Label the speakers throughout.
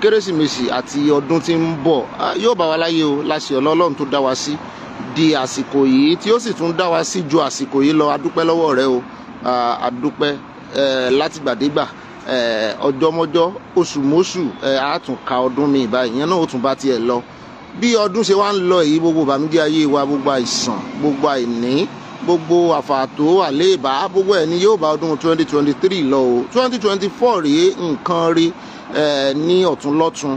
Speaker 1: kérésìmesì àti ọdún tí ń bọ̀ yóò bá wa láyé o láṣẹ ọlọ́run tó dá wa sí di àsìkò yìí tí ó sì tún dá wa sí ju àsìkò yìí lọ adúpẹ́ lọ́wọ́ rẹ o adúpẹ́ látìgbàdégbà ọjọ́mọ́jọ́ oṣù mọ́ṣù àtúnka ọdún mi ìbá ìyẹn náà ó tún bá tiẹ̀ lọ bí ọdún ṣe wá ń lọ èyí gbogbo ìbànújẹ́ ayé wa gbogbo àìsàn gbogbo àìní gbogbo àfàtó àléèbá gbogbo ẹ̀ ní yóò bá ọdún twenty twenty three lọ o twenty twenty four rèé nǹkan rí ní ọ̀tún lọ́tún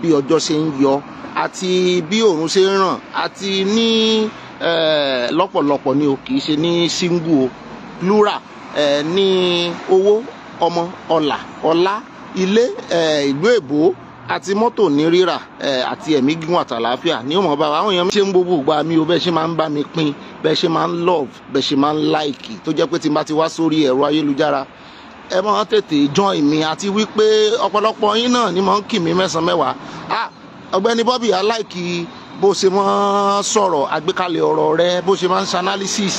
Speaker 1: bí ọjọ́ ṣe ń yọ àti bí òòrùn ṣe ń ràn àti ní lọ́pọ̀lọpọ̀ ni o kì í ṣe ní single o plural ní owó ọmọ ọlà ọlá ilé ìlú èbó àti mọ́tò ní rírà àti ẹ̀mí gígùn àtàlàáfíà ní òmò bá àwọn èèyàn ṣe ń gbogbo ìgbà mi ò bẹ́ẹ̀ ṣe máa ń bá mi pín bẹ́ẹ̀ ṣe máa ń love bẹ́ẹ̀ ṣe máa ń like tó jẹ́ pé tí n bá ti wá sórí ẹ̀rọ ayélujára ẹ máa tètè join mi àti wípé ọ̀pọ̀lọpọ̀ yín náà ni mò ń kì mí mẹ́sàn-án mẹ́wàá ah ọ̀gbẹ́ni Bobby aláìkì bó ṣe máa ń sọ̀rọ̀ àgbékalẹ̀ ọ̀rọ̀ rẹ bó ṣe máa ń ṣe analysis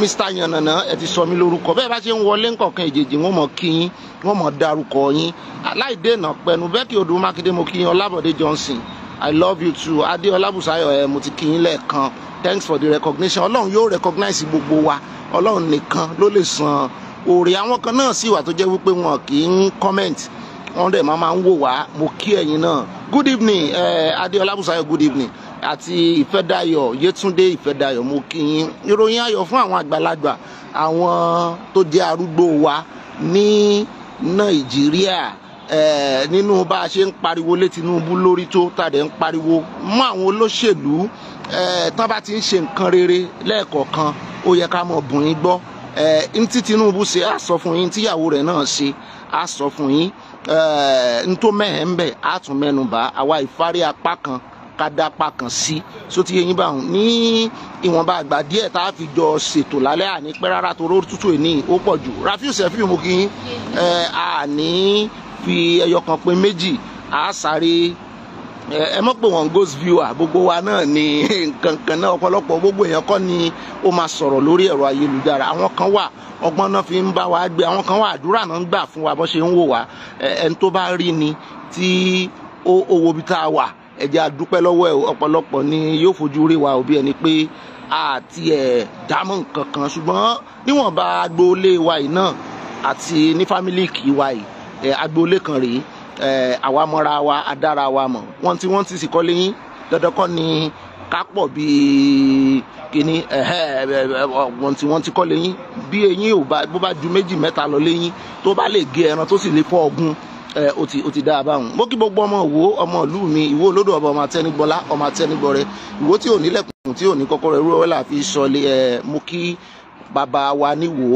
Speaker 1: mr yànnànà ẹ ti sọ mí lórúkọ bẹ́ẹ̀ bá ṣe ń wọlé nǹkankan ìjèjì wọn mọ̀ kí yín wọn mọ̀ dárúkọ yín aláìdènà pẹ̀lú bẹ́ẹ̀kì odò mákindé mo kí yín ọlábọ̀dé johnson i love you too adé ọlábùsáyọ̀ ẹ mo ti kí yín lẹ́ẹ̀kan thanks for the recognition ọlọ́run yóò recognize gbogbo wa ọlọ́run nìkan ló lè san òòrè àwọn kan náà sì wà tó jẹ́ wípé wọn kì í comment wọn dẹ̀ máa máa ń wò wá mo kí ẹ̀yin náà good evening eh, Adeola musayo good evening àti ìfẹ́dayọ̀ yetunde ìfẹ́dayọ̀ mo kí yín ìròyìn ayọ̀ fún àwọn àgbàlagbà àwọn tó jẹ́ arúgbó wa ní nàìjíríà eh, nínú bá a ṣe ń pariwo lé tinubu lórí tó tàdé ń pariwo mọ́ àwọn olóṣèlú eh, tán bá ti ń ṣe nǹkan rere lẹ́ẹ̀kọ̀ọ̀kan ó yẹ ká mọ̀ bùn yín gbọ́ ntí tinubu ṣe á sọ fún yín tíyàwó rẹ̀ náà ṣe á fún yín Eh, ntó mẹ́hẹ̀ ń bẹ̀ á tún mẹ́nu bá àwa ìfárí apá kan kada dá apá kan sí sótí eyín bá wọn ní ìwọ̀nba àgbà díẹ̀ tá a fi jọ ṣètò lálẹ́ àní pẹ́ rárá toró tútù èní ó pọ̀ jù Rafiu Sefiu mo kì àní eh, fi ẹyọ kan pé méjì á sáré ẹ mọ̀ pé wọ́n ghost viewer gbogbo wa náà ni nǹkan kan náà ọ̀pọ̀lọpọ̀ gbogbo èèyàn kọ́ ni ó máa sọ̀rọ̀ lórí ẹ̀rọ ayélujára àwọn kan wà ọgbọ́n náà fi ń bá wa gbé àwọn kan wà àdúrà náà ń gbà fún wa bó ṣe ń wò wá ẹni tó bá rí ni tí ó wo bí tá a wà ẹ jẹ́ a dúpẹ́ lọ́wọ́ ọ̀pọ̀lọpọ̀ ni yóò fojú rí wa òbí ẹni pé àti ẹ̀ dámọ̀ nǹkan kan ṣùgbọ́n níwọ̀nba agboolé wa yìí náà àti ní fámílì kì í wa yìí agboolé kan rèé àwa mọ́ra wa adára wa mọ̀ wọ́n ti wọ́n ti sì kọ́lé yín dandan kọ́ ni ká pọ̀ bíi kíní wọ́n ti wọ́n ti kọ́lé yín bí eyín ò bá bó bá ju méjì mẹ́ta lọ léyìn tó bá lè gé ẹran tó sì lè fọ́ ọ̀gùn ó ti ó ti dá a báwọn mo kí gbogbo ọmọ ìwó ọmọ ìlú mi ìwó olódò ọba ọmọ atẹnigbọlá ọmọ atẹnigbọrẹ ìwó tí ò nílẹ̀kùn tí ò ní kọ́kọ́rọ́ irú ọwẹlà fi sọlẹ ẹ mo kí bàbá wa níwò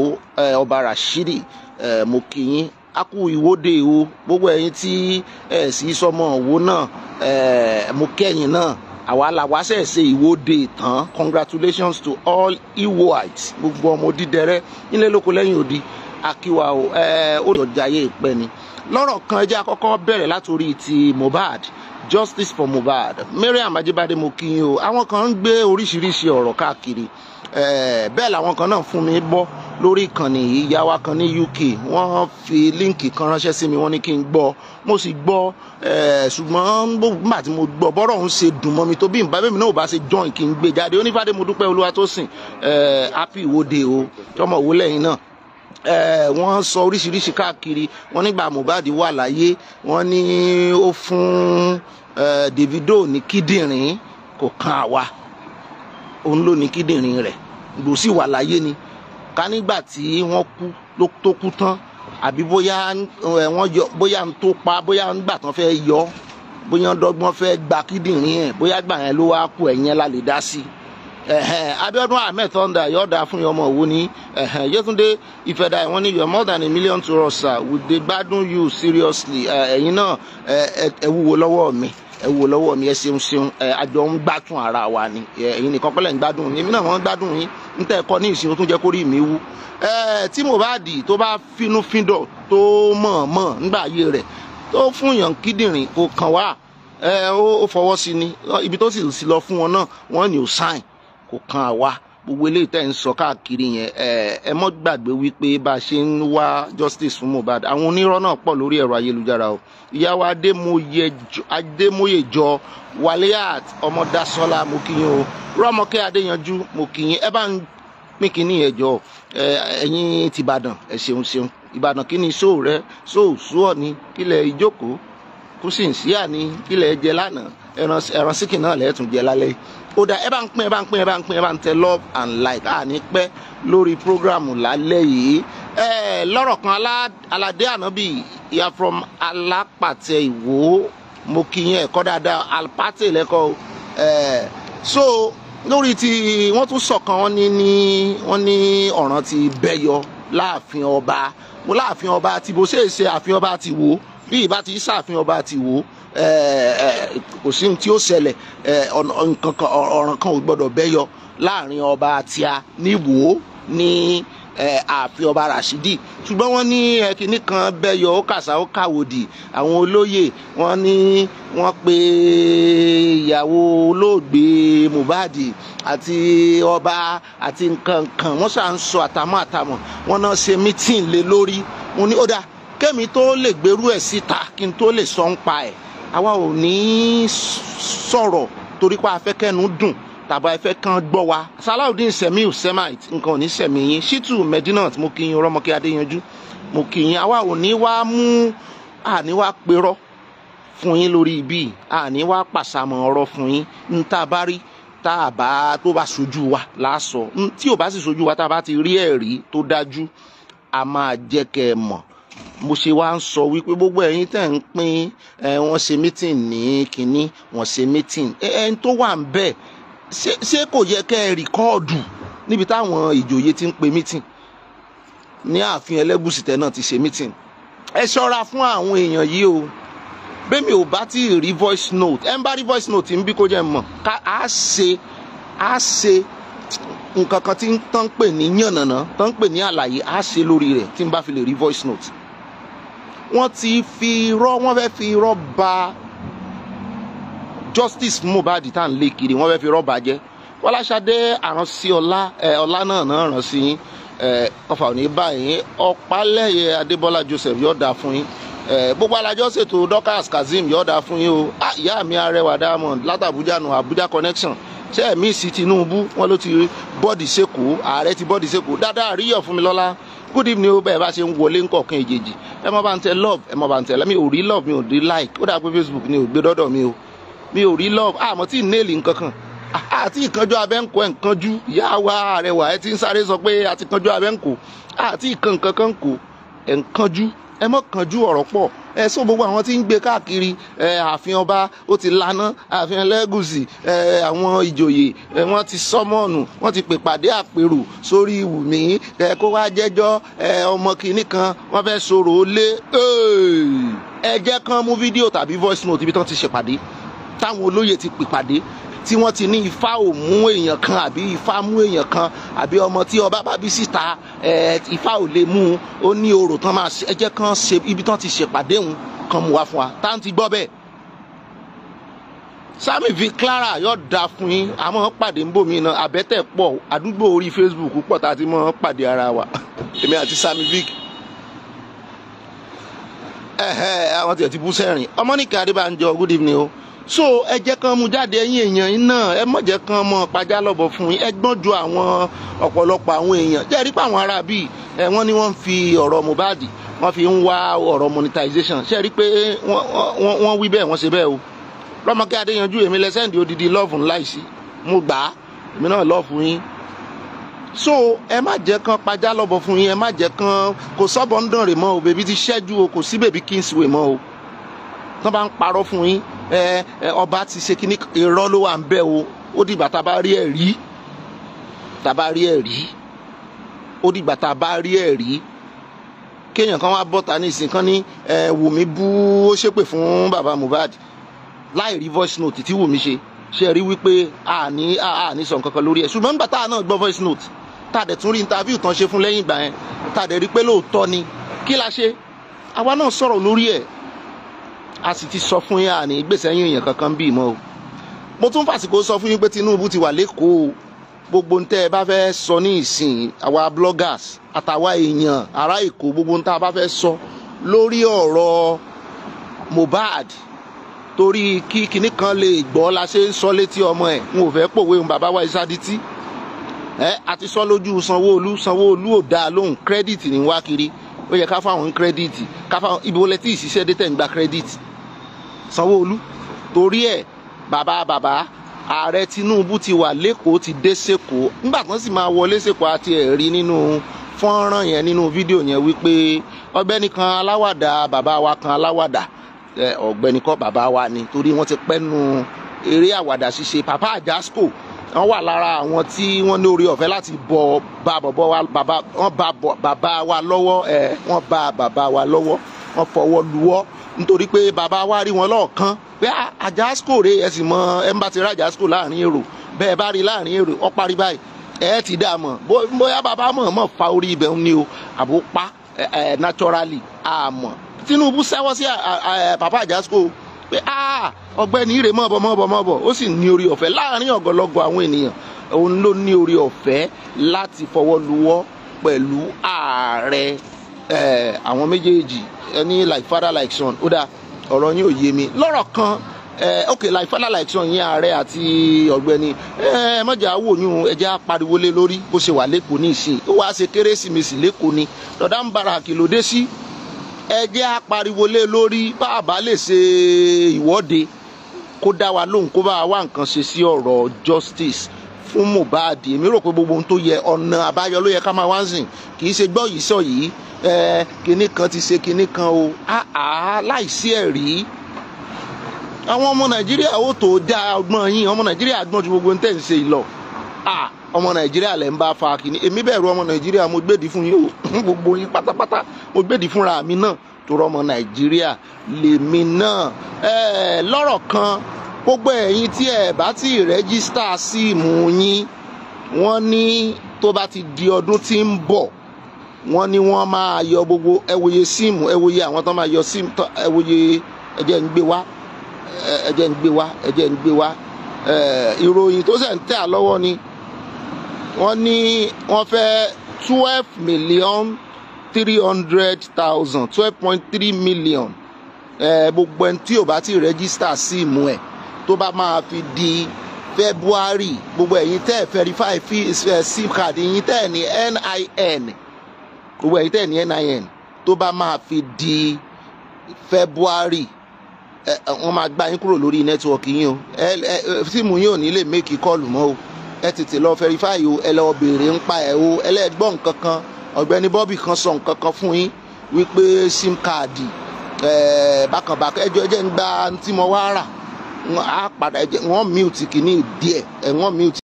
Speaker 1: ọba Rashidi mo kí yín aku kú ìwọ́de o gbogbo ẹ̀yin tí ẹ̀ sì sọmọ òwò náà ẹ̀ mo kẹ́yìn náà àwa la wá ṣẹ̀ ṣe ìwọ́de tán congratulations to all Iwoites gbogbo ọmọ Odídẹrẹ nílé lóko lẹ́yìn odi akíwa o ẹ̀ ó lọ́ọ́ jayé ìpẹ́ lọ́rọ̀ kan ẹjẹ́ àkọ́kọ́ bẹ̀rẹ̀ látòrí ti Mohbad justice for Mohbad Mariam Ajibade mo kí yín o àwọn kan ń gbé oríṣiríṣi ọ̀rọ̀ káàkiri bẹ́ẹ̀ làwọn kan náà fún mi gbọ́ lórí ìkànnì yìí yáwá kan ní UK wọ́n fi líǹkì kan ránṣẹ́ sí mi wọ́n ní kí n gbọ́ mo sì gbọ́ ṣùgbọ́n nígbà tí mo gbọ́ bọ́rọ̀ ń ṣe dùn mọ́ mi tó bí nbàbẹ́mi náà ò bá ṣe join kí n gbé jáde onífàdé mo dúpẹ́ olúwa tó sìn happy ìwọ́de o tọmọ òwò lẹ́yìn náà wọ́n sọ oríṣiríṣi káàkiri wọ́n nígbà Mohbad wà láyé wọ́n ní ó fún Davido ní kíndìnrín kò kan àwa òun ló ní kíndìnrín rẹ̀ ló sì wà láyé ni ká nígbà tí wọ́n kú tó kú tán àbí bóyá wọ́n yọ bóyá ń tó pa bóyá ń gbà tán fẹ́ yọ bóyá ń dọ́gbọ́n gba kíndìnrín ẹ̀ bóyá gbà yẹn ló wá kú ẹ̀yẹn la lè dá sí abiodun ahmed thunder yóò dáa fún yọmọ òwú ní yétúndé ìfẹ̀dà ìwọ̀n ní you more than a million to us sir we gbádùn you seriously ẹ̀yin náà ẹ wúwo lọ́wọ́ mi ẹ wo lọ́wọ́ mi ẹ ṣeun ṣeun ẹ àjọ ń gbádùn ara wa ni ẹ̀yin nìkan pẹ́lẹ́ ń gbádùn yín èmi náà wọ́n ń gbádùn yín ń tẹ́ ẹ̀kọ́ ní ìsìn tó jẹ́ kó rí mi wú ẹ tí Mohbad tó bá finú fíndọ̀ tó mọ̀ọ́mọ̀ nígbà ayé rẹ̀ tó fún yàn kíndìnrín kò kàn wá ẹ ó fọwọ́ sí ni ibi tó sì lọ fún wọn náà wọ́n ní ò sáìn kò kàn wá gbogbo eléyìí tẹ̀ ń sọ káàkiri yẹn ẹ mọ́ gbàgbé wípé bá a ṣe ń wá justice fún Mohbad àwọn onírọ́ náà pọ̀ lórí ẹ̀rọ ayélujára o ìyá wa Adémóyèjọ Waliat Ọmọdásọ́lá mo kí yín o Rọ́mọkẹ́ Adéyanjú mo kí yín ẹ bá ń pín kínní ẹ jọ ẹ̀yin ti Ìbàdàn ẹ ṣeun ṣeun Ìbàdàn kí ni sóò rẹ sóò sóò ni kílẹ̀ ìjókòó kùsìǹsíà ni kílẹ̀ jẹ lánàá ẹran síkì náà lẹ́ẹ̀tún jẹ lálẹ́ ó dá ẹ bá ń pín ẹ bá ń pín ẹ bá ń pín ẹ bá ń tẹ love and like a ní pẹ́ lórí prógrámù lálẹ́ yìí ẹ lọ́rọ̀ kan aládé ànábì ìyá from alápàtẹ ìwò mo kí yẹn ẹ̀kọ́ dáadáa alpate lẹ́kọ̀ọ́ ẹ so lórí ti wọ́n tún sọ̀kan wọ́n ní ní wọ́n ní ọ̀ràn ti bẹ́yọ láàfin ọba mo láàfin ọba ti bó ṣe é ṣe àfin ọba ti wò bí ìbá ti ṣàfin ọba ti wò. Eh, eh, kò sí ohun tí ó ṣẹlẹ̀ eh, ọ̀ràn kan ò gbọ́dọ̀ bẹ́yọ láàrin ọba àti a níwòó ní ààfin ọba Rashidi ṣùgbọ́n wọ́n ní kinní kan bẹ́yọ ó kàṣà ó kàwòdì àwọn olóyè wọ́n ní wọ́n pe ìyàwó olóògbé Mohbad àti ọba àti nǹkan kan wọ́n ṣà ń sọ àtàmọ́ àtàmọ́ wọ́n náà ṣe mítìn lé lórí wọ́n ní ó dáa kẹ́mi tó lè gbèrú ẹ̀ síta kí n tó lè sọ ń pa ẹ̀ àwa ò ní sọ̀rọ̀ torí pé afẹ́kẹ́nu dùn tàbá ẹfẹ́ kan gbọ́ wa. Salaudeen Semiu Semite nǹkan ò ní sẹ̀mí yín Shitu Medinat mo kí yín Ọlọ́mọkẹ́ Adéyanjú mo kí yín àwa ò ní wá mú àní wá perọ́ fún yín lórí ibi àní wá pàṣàmọ̀ ọ̀rọ̀ fún yín ń tá a bá rí tá a bá tó bá sojú wa láàsọ tí ò bá sì sojú wa tá a bá ti rí ẹ̀rí tó dájú a máa jẹ́ kẹ́ ẹ mọ̀ mo ṣe wá ń sọ wípé gbogbo ẹ̀yin tẹ̀ ń pín ẹ wọ́n ṣe meeting, ní kínní wọ́n ṣe mítìn ẹni tó wà ń bẹ̀ ṣé kò yẹ kẹ́ ẹ níbi táwọn ìjòyè ti ń pe meeting. ní ààfin ẹlẹ́gùsì tẹ̀ náà ti ṣe mítìn ẹ ṣọ́ra fún àwọn èèyàn yìí o bẹ́mi ò bá tí rí voice note ẹ ń bá rí voice note ń bí kó jẹ́ mọ̀ ká á ṣe á ṣe nǹkan kan tí ń tán pè ní yànnànà tán pè ní àlàyé á ṣe lórí rẹ̀ tí n bá fi lè rí voice note wọ́n ti fi irọ́ wọ́n fẹ́ fi irọ́ ba justice Mohbad tá à ń lé kiri wọ́n fẹ́ fi irọ́ bàjẹ́ Fọláṣadé àránsí ọlá ọlá náà náà ràn sí yín ọfà òní báyìí Ọ̀pálẹ̀yẹ Adébọ́lá Joseph yóò dáa fún yín gbogbo alájọ ṣètò Dorcas Kazeem yóò dáa fún yín o ìyá mi arẹwà Diamond látàbújá nù Abuja connection ṣé ẹ̀mí sí Tinubu wọn ló ti bọ́ọ̀dì sẹ́kù ààrẹ ti bọ́ọ̀dì sẹ́kù dáadáa àríyọ̀ fún mi lọ́la good evening ó bẹ́ẹ̀ bá ṣe ń wọlé nǹkan èjèèjì ẹ mọ́ bá ń tẹ love ẹ mọ́ bá ń tẹ mi ò rí love mi ò rí like ó dàgbé facebook ni ò gbé dọ́dọ̀ mi o mi ò rí love àmọ́ tí nail nǹkan kan àti ìkanjú abẹ́ǹkó ẹ̀ǹkanjú ìyá wa àrẹwà ẹ ti ń sáré sọ pé àti ìkanjú abẹ́ǹkó àti ìkan nǹkan kan kò ẹ̀ǹkanjú ẹ mọ́ kánjú ọ̀rọ̀ pọ̀ ẹ sọ gbogbo àwọn tí ń gbé káàkiri ẹ ààfin ọba ó ti lana ààfin ẹlẹ́gùsì ẹ àwọn ìjòyè ẹ wọ́n ti sọ́mọ̀nù wọ́n ti pèpàdé àpérò sórí Wùmí ẹ kó wá jẹ́jọ́ ẹ ọmọ kìíní kan wọ́n fẹ́ sọ̀rọ̀ ó lé ẹ jẹ́ kán mú fídíò tàbí voice note ibi tán ti ṣèpàdé táwọn olóyè ti pèpàdé tí wọ́n ti ní ifá ò mú èèyàn kan àbí ifá mú èèyàn kan àbí ọmọ tí ọba bá bí síta ifá ò lè mú un ó ní orò tán máa ẹ jẹ́ kán ṣe ibi tán ti ṣèpàdé òun kan mú wá fún wa tá à ń ti gbọ́ bẹ́ẹ̀. Sammy V Clara yóò da fún yín àmọ́ pàdé ń bòmí náà àbẹ́tẹ̀ pọ̀ àdúgbò orí Facebook pọ̀ tá a ti mọ́ pàdé ara wa èmi àti Sammy V ẹ̀hẹ́ àwọn tiẹ̀ ti bú sẹ́rìn ọmọ nìkan Adébánjọ good evening o. Oh so ẹ jẹ́ kán mú jáde ẹ̀yin èèyàn yín náà ẹ mọ̀jẹ́ kán mọ pàjá lọ́bọ̀ fún yín ẹ gbọ́n ju àwọn ọ̀pọ̀lọpọ̀ àwọn èèyàn jẹ́ rí pa àwọn ará bíi ẹ wọ́n ní wọ́n fi ọ̀rọ̀ Mohbad wọ́n fi ń wá ọ̀rọ̀ monetization ṣe rí pé wọ́n wí bẹ́ẹ̀ wọ́n ṣe bẹ́ẹ̀ o lọ́mọkẹ́ adéyanjú èmi lẹ́sẹ̀ǹdì odidi lọ́ọ̀fù ńlá ìsí mo gbà á èmi náà lọ́ọ̀fù yín so ẹ má jẹ́ kán pajá lọ́bọ̀ fún yín ẹ má jẹ́ kán kò sọ́bọ̀ ń dàn rè mọ́ o bèbí ti ṣẹ́jú o kò sí bèbí kí n sùwè mọ́ o tán bá ń parọ́ fún yín ọba ti ṣe kíní irọ́ ló wà ń bẹ̀ o ó dìgbà tá a bá rí ẹ̀rí tá a bá rí ẹ̀rí ó dìgbà tá a bá rí ẹ̀rí kéèyàn kan wá bọ́ta ní ìsìn kan ní Wùmí bú ó ṣépè fún bàbá Mohbad láì rí voice note tí Wùmí ṣe ṣe rí wípé a ní a ní sọ nǹkan kan lórí ẹ̀ ṣùgbọ́n nígbà tá a náà gbọ́ voice note tá a dẹ̀ tún rí interview tán ṣe fún lẹ́yìn ìgbà yẹn tá a dẹ̀ rí pé lóòótọ́ ni kí la ṣe àwa náà sọ̀rọ̀ lórí ẹ̀ a sì ti sọ fún yín àní ìgbésẹ̀ yín èèyàn kankan bíi mọ́ o mo tún fàsìkò sọ fún yín pé Tinubu ti wà lẹ́kọ̀ọ́ gbogbo ń tẹ́ ẹ bá fẹ́ sọ ní ìsìn àwa bloggers àtàwa èèyàn ará Èkó gbogbo ń tá a bá fẹ́ sọ lórí ọ̀rọ̀ Mohbad torí kí kinní kan lè gbọ́ la ṣe ń sọ létí ọmọ ẹ̀ n ò fẹ́ pòwe òun bàbá wa ìsadítí ẹ àti sọ lójú Sanwó-Olú Sanwó-Olú ò dáa lóhùn kírẹ́dìtì ní wákiri ó yẹ ká fáwọn kírẹ́dìtì ká fáwọn ibi wọlé tí ìṣiṣẹ́ dé tẹ̀ ń gba kírẹ́dìtì sanwóolu torí ẹ̀ bàbá bàbá ààrẹ tinubu ti wà lẹ́kọ̀ọ́ ti dé sẹ́kọ̀ọ́ nígbà kan sì máa wọlé sẹ́kọ̀ọ́ àti ẹ̀rí nínú fọ́nrán yẹn nínú fídíò yẹn wípé ọ̀gbẹ́ni kan aláwàdà bàbá wa kan aláwàdà ọ̀gbẹ́ni kan bàbá wa ni torí wọ́n ti pẹ́ eré àwàdà ṣíṣe papa ajasco wọ́n wà lára àwọn tí wọ́n ní orí ọ̀fẹ́ láti bọ bá bọ̀bọ̀ wa bàbá wọ́n bá bàbá wa lọ́wọ́ ẹ̀ wọ́n bá bàbá wa lọ́wọ́ wọ́n fọwọ́ luwọ́ nítorí pé bàbá wa rí wọn lọ́ọ̀kan pé ah, àjàsíkò rè ẹ sì mọ ẹ ń bá ti rà àjàsíkò láàrin èrò bẹ́ẹ̀ bá rí láàrin èrò ọ parí báyìí ẹ ti dá a bóyá bàbá mọ̀ mọ̀ fa orí ibẹ̀ ni o àbò pa naturally àmọ́ Tinubu sẹ́wọ́ sí bàbá àjàsíkò pé ah, ọ̀gbẹ́ni ire mọbọ mọbọ mọbọ ó sì ní orí ọ̀fẹ́ láàrin ọgọlọgọ àwọn ènìyàn òun ló ní orí ọ̀fẹ́ láti fọwọ́ luwọ́ pẹ̀lú ààrẹ àwọn méjèèjì ẹni like father like son ó dáa ọ̀rọ̀ yín ò yé mi lọ́rọ̀ kan ok like father like son yín ààrẹ àti ọ̀gbẹ́ni ẹ mọ̀jà wò yín o lé lórí bó ṣe wà lẹ́kọ̀ọ́ ní ìsìn ó wàá ṣe kérésìmesì lẹ́kọ̀ọ́ ni dọ̀dá ń bara àkìlódé sí ẹjẹ́ apariwo lé lórí bá a bá lè ṣe ìwọ́de kó dá wa lóhùn kó bá wa nǹkan ṣe sí ọ̀rọ̀ justice fún Mohbad èmi rò pé gbogbo ohun tó yẹ ọ̀nà àbáyọ ló yẹ ká máa wá ń sìn kì í ṣe gbọ́ yìí sọ yìí kinní kan ti ṣe kinní kan o láìsí ẹ̀rí àwọn ọmọ Nàìjíríà ó tó dá ọgbọ́n yín ọmọ Nàìjíríà gbọ́n ju gbogbo ohun tẹ̀ ń ṣe yìí lọ ọmọ nàìjíríà lẹ ń bá fa kìíní èmi bẹ̀rù ọmọ nàìjíríà mo gbèdì fún yín o gbogbo yín pátápátá mo gbèdì fúnra mi náà torọ ọmọ nàìjíríà lèmi náà lọ́rọ̀ kan gbogbo ẹ̀yin tí ẹ bá ti rẹ́gísítà síìmù yín wọ́n ní tó bá ti di ọdún tí ń bọ̀ wọ́n ní wọ́n máa yọ gbogbo ẹwòye síìmù ẹwòye àwọn tó máa yọ síìmù tó ẹwòye ẹjẹ ń gbé wá ẹjẹ ń gbé wá ẹjẹ ń gbé wá ìròyìn tó ṣẹ̀ ń tẹ̀ lọ́wọ́ ni wọ́n ní wọ́n fẹ́ twelve million three hundred thousand twelve point three million gbogbo ẹni tí ò bá ti rẹ́gísítà síìmù ẹ̀ tó bá máa fi di February gbogbo ẹ̀yin tẹ́ ẹ̀ verify eh, sim card ẹ̀yin tẹ́ ẹ̀ ní NIN gbogbo ẹ̀yin tẹ́ ẹ̀ ní NIN tó bá máa fi di February eh, eh, wọ́n máa gbá yín kúrò lórí nẹ́tíwọ̀kì yín o síìmù yín ò ní lè méèkì kọ́ọ̀lù mọ́ o ẹ tètè lọ fẹ́rífáì o ẹ lọ béèrè ń pa ẹ̀ o ẹlẹ́gbọ́n nǹkan ọ̀gbẹ́ni bọ́bì kan sọ nǹkan kan fún yín wípé sim káàdì bákànbákan ẹjọ́ ẹjẹ́ ń gba tí mo wá rà wọ́n á padà wọ́n mute kìíní díẹ̀ ẹ̀ wọ́n mute.